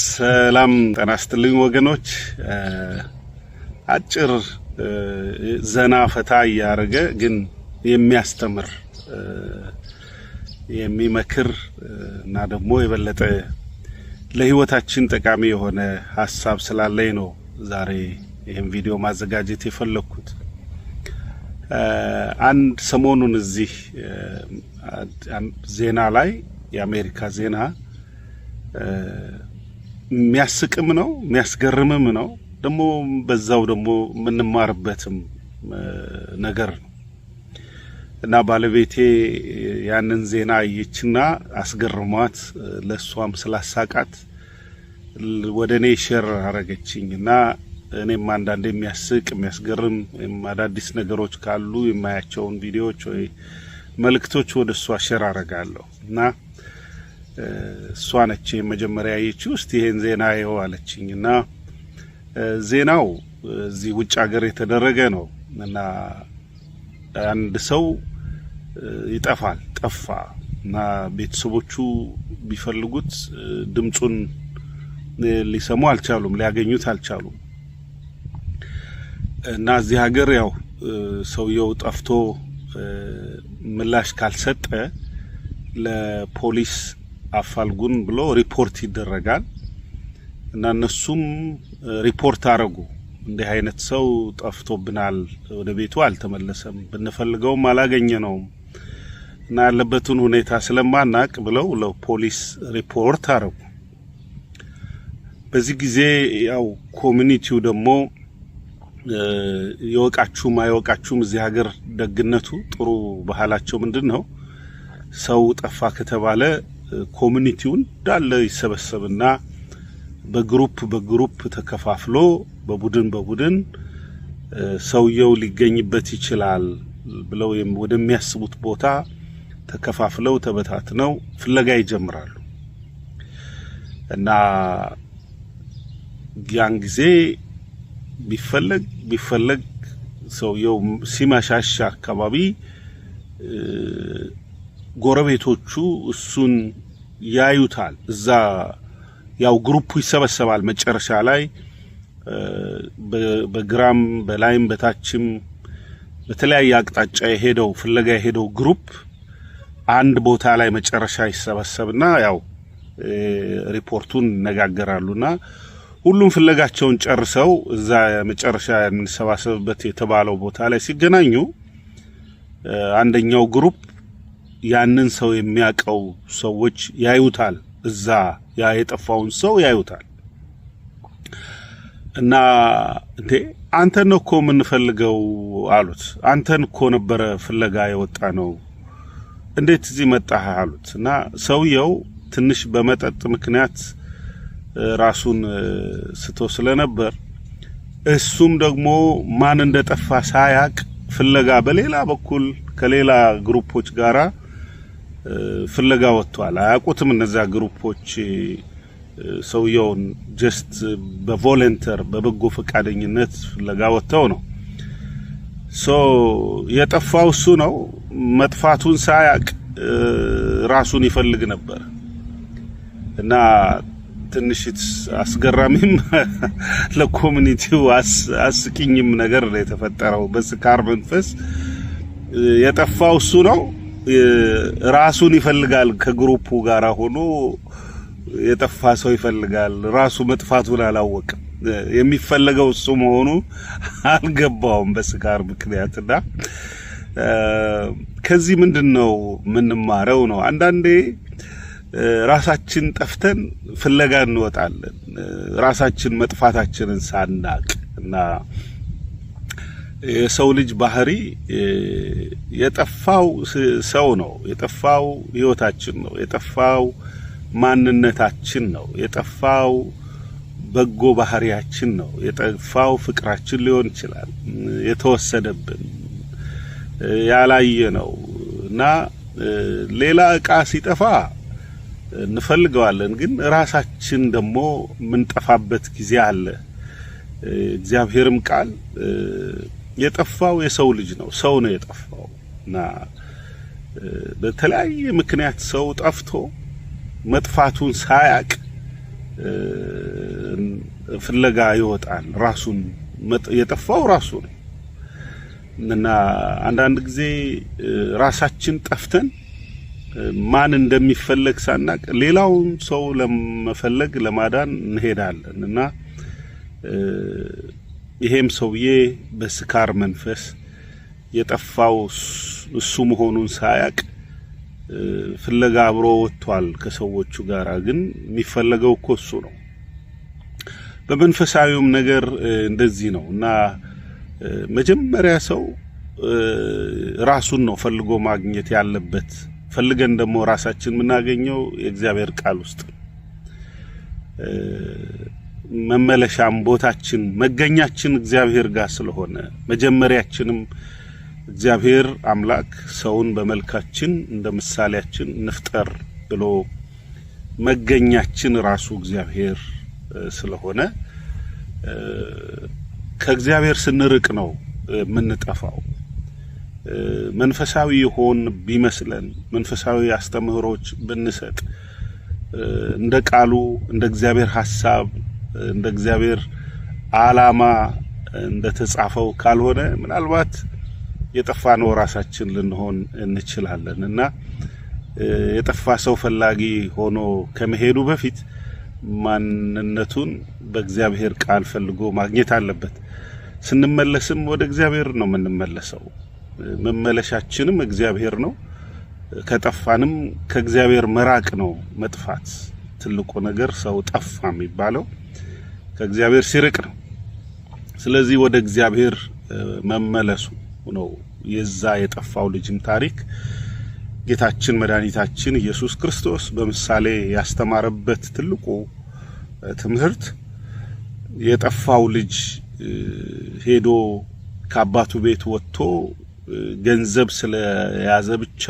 ሰላም ጤና ይስጥልኝ ወገኖች። አጭር ዘና ፈታ እያደረገ ግን የሚያስተምር የሚመክር እና ደግሞ የበለጠ ለህይወታችን ጠቃሚ የሆነ ሀሳብ ስላለኝ ነው ዛሬ ይህን ቪዲዮ ማዘጋጀት የፈለግኩት። አንድ ሰሞኑን እዚህ ዜና ላይ የአሜሪካ ዜና የሚያስቅም ነው የሚያስገርምም ነው። ደግሞ በዛው ደግሞ የምንማርበትም ነገር ነው እና ባለቤቴ ያንን ዜና አየችና አስገርሟት ለእሷም ስላሳቃት ወደ እኔ ሼር አረገችኝ እና እኔም አንዳንድ የሚያስቅ የሚያስገርም አዳዲስ ነገሮች ካሉ የማያቸውን ቪዲዮዎች ወይ መልእክቶች ወደ እሷ ሼር አረጋለሁ እና እሷ ነች መጀመሪያ ያየችው። እስቲ ይሄን ዜና የው አለችኝ እና ዜናው እዚህ ውጭ ሀገር የተደረገ ነው እና አንድ ሰው ይጠፋል ጠፋ እና ቤተሰቦቹ ቢፈልጉት ድምፁን ሊሰሙ አልቻሉም፣ ሊያገኙት አልቻሉም። እና እዚህ ሀገር ያው ሰውየው ጠፍቶ ምላሽ ካልሰጠ ለፖሊስ አፋልጉን ብሎ ሪፖርት ይደረጋል እና እነሱም ሪፖርት አረጉ። እንዲህ አይነት ሰው ጠፍቶብናል፣ ወደ ቤቱ አልተመለሰም፣ ብንፈልገውም አላገኘ ነውም እና ያለበትን ሁኔታ ስለማናቅ ብለው ለፖሊስ ሪፖርት አረጉ። በዚህ ጊዜ ያው ኮሚኒቲው ደግሞ የወቃችሁም አይወቃችሁም እዚህ ሀገር ደግነቱ ጥሩ ባህላቸው ምንድን ነው ሰው ጠፋ ከተባለ ኮሚኒቲውን እንዳለ ይሰበሰብና በግሩፕ በግሩፕ ተከፋፍሎ በቡድን በቡድን ሰውየው ሊገኝበት ይችላል ብለው ወደሚያስቡት ቦታ ተከፋፍለው ተበታትነው ፍለጋ ይጀምራሉ እና ያን ጊዜ ቢፈለግ ቢፈለግ ሰውየው ሲመሻሻ አካባቢ ጎረቤቶቹ እሱን ያዩታል። እዛ ያው ግሩፑ ይሰበሰባል። መጨረሻ ላይ በግራም በላይም በታችም በተለያየ አቅጣጫ የሄደው ፍለጋ የሄደው ግሩፕ አንድ ቦታ ላይ መጨረሻ ይሰበሰብና ያው ሪፖርቱን ይነጋገራሉና ሁሉም ፍለጋቸውን ጨርሰው እዛ መጨረሻ የምንሰባሰብበት የተባለው ቦታ ላይ ሲገናኙ አንደኛው ግሩፕ ያንን ሰው የሚያቀው ሰዎች ያዩታል። እዛ ያ የጠፋውን ሰው ያዩታል። እና እንዴ አንተን ነው እኮ የምንፈልገው አሉት። አንተን እኮ ነበረ ፍለጋ የወጣ ነው፣ እንዴት እዚህ መጣህ አሉት። እና ሰውየው ትንሽ በመጠጥ ምክንያት ራሱን ስቶ ስለነበር እሱም ደግሞ ማን እንደጠፋ ሳያቅ ፍለጋ በሌላ በኩል ከሌላ ግሩፖች ጋራ ፍለጋ ወጥቷል። አያውቁትም እነዛ ግሩፖች ሰውየውን ጀስት በቮለንተር በበጎ ፈቃደኝነት ፍለጋ ወጥተው ነው። ሶ የጠፋው እሱ ነው። መጥፋቱን ሳያቅ ራሱን ይፈልግ ነበር እና ትንሽ አስገራሚም ለኮሚኒቲው አስቂኝም ነገር ነው የተፈጠረው። በስካር መንፈስ የጠፋው እሱ ነው። ራሱን ይፈልጋል። ከግሩፑ ጋር ሆኖ የጠፋ ሰው ይፈልጋል። ራሱ መጥፋቱን አላወቅም። የሚፈለገው እሱ መሆኑ አልገባውም በስካር ምክንያትና ከዚህ ምንድን ነው የምንማረው? ነው አንዳንዴ ራሳችን ጠፍተን ፍለጋ እንወጣለን ራሳችን መጥፋታችንን ሳናቅ እና የሰው ልጅ ባህሪ የጠፋው ሰው ነው፣ የጠፋው ህይወታችን ነው፣ የጠፋው ማንነታችን ነው፣ የጠፋው በጎ ባህሪያችን ነው፣ የጠፋው ፍቅራችን ሊሆን ይችላል የተወሰደብን ያላየ ነው እና ሌላ እቃ ሲጠፋ እንፈልገዋለን፣ ግን ራሳችን ደግሞ የምንጠፋበት ጊዜ አለ። እግዚአብሔርም ቃል የጠፋው የሰው ልጅ ነው። ሰው ነው የጠፋው እና በተለያየ ምክንያት ሰው ጠፍቶ መጥፋቱን ሳያቅ ፍለጋ ይወጣል። ራሱን የጠፋው ራሱ ነው እና አንዳንድ ጊዜ ራሳችን ጠፍተን ማን እንደሚፈለግ ሳናቅ ሌላውን ሰው ለመፈለግ ለማዳን እንሄዳለን እና ይሄም ሰውዬ በስካር መንፈስ የጠፋው እሱ መሆኑን ሳያቅ ፍለጋ አብሮ ወጥቷል ከሰዎቹ ጋር። ግን የሚፈለገው እኮ እሱ ነው። በመንፈሳዊውም ነገር እንደዚህ ነው እና መጀመሪያ ሰው ራሱን ነው ፈልጎ ማግኘት ያለበት። ፈልገን ደግሞ ራሳችን የምናገኘው የእግዚአብሔር ቃል ውስጥ መመለሻም ቦታችን መገኛችን እግዚአብሔር ጋር ስለሆነ መጀመሪያችንም እግዚአብሔር አምላክ ሰውን በመልካችን እንደ ምሳሌያችን እንፍጠር ብሎ መገኛችን ራሱ እግዚአብሔር ስለሆነ ከእግዚአብሔር ስንርቅ ነው የምንጠፋው። መንፈሳዊ የሆን ቢመስለን መንፈሳዊ አስተምህሮች ብንሰጥ እንደ ቃሉ እንደ እግዚአብሔር ሐሳብ እንደ እግዚአብሔር ዓላማ እንደተጻፈው ካልሆነ ምናልባት የጠፋ ነው ራሳችን ልንሆን እንችላለን እና የጠፋ ሰው ፈላጊ ሆኖ ከመሄዱ በፊት ማንነቱን በእግዚአብሔር ቃል ፈልጎ ማግኘት አለበት። ስንመለስም ወደ እግዚአብሔር ነው የምንመለሰው። መመለሻችንም እግዚአብሔር ነው። ከጠፋንም ከእግዚአብሔር መራቅ ነው መጥፋት። ትልቁ ነገር ሰው ጠፋ የሚባለው ከእግዚአብሔር ሲርቅ ነው። ስለዚህ ወደ እግዚአብሔር መመለሱ ነው የዛ የጠፋው ልጅም ታሪክ ጌታችን መድኃኒታችን ኢየሱስ ክርስቶስ በምሳሌ ያስተማረበት ትልቁ ትምህርት የጠፋው ልጅ ሄዶ ከአባቱ ቤት ወጥቶ ገንዘብ ስለያዘ ብቻ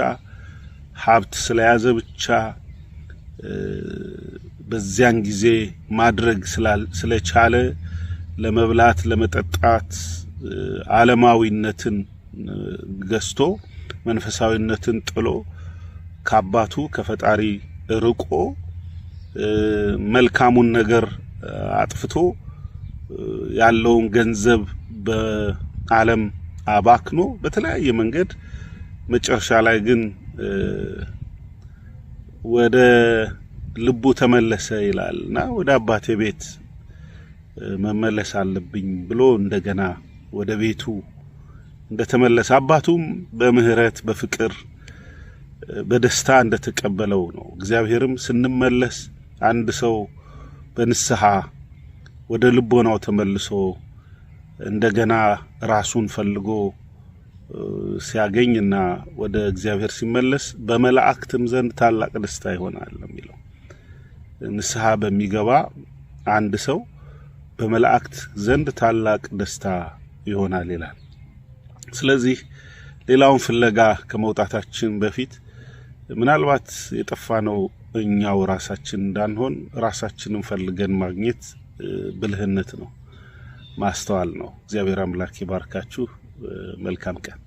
ሀብት ስለያዘ ብቻ በዚያን ጊዜ ማድረግ ስለቻለ ለመብላት ለመጠጣት ዓለማዊነትን ገዝቶ መንፈሳዊነትን ጥሎ ከአባቱ ከፈጣሪ ርቆ መልካሙን ነገር አጥፍቶ ያለውን ገንዘብ በዓለም አባክኖ በተለያየ መንገድ መጨረሻ ላይ ግን ወደ ልቡ ተመለሰ ይላል እና ወደ አባቴ ቤት መመለስ አለብኝ ብሎ እንደገና ወደ ቤቱ እንደተመለሰ አባቱም በምህረት በፍቅር በደስታ እንደተቀበለው ነው። እግዚአብሔርም ስንመለስ አንድ ሰው በንስሐ ወደ ልቦናው ተመልሶ እንደገና ራሱን ፈልጎ ሲያገኝና ወደ እግዚአብሔር ሲመለስ በመላእክትም ዘንድ ታላቅ ደስታ ይሆናል የሚለው ንስሐ በሚገባ አንድ ሰው በመላእክት ዘንድ ታላቅ ደስታ ይሆናል ይላል። ስለዚህ ሌላውን ፍለጋ ከመውጣታችን በፊት ምናልባት የጠፋነው እኛው ራሳችን እንዳንሆን ራሳችንን ፈልገን ማግኘት ብልህነት ነው፣ ማስተዋል ነው። እግዚአብሔር አምላክ ይባርካችሁ። መልካም ቀን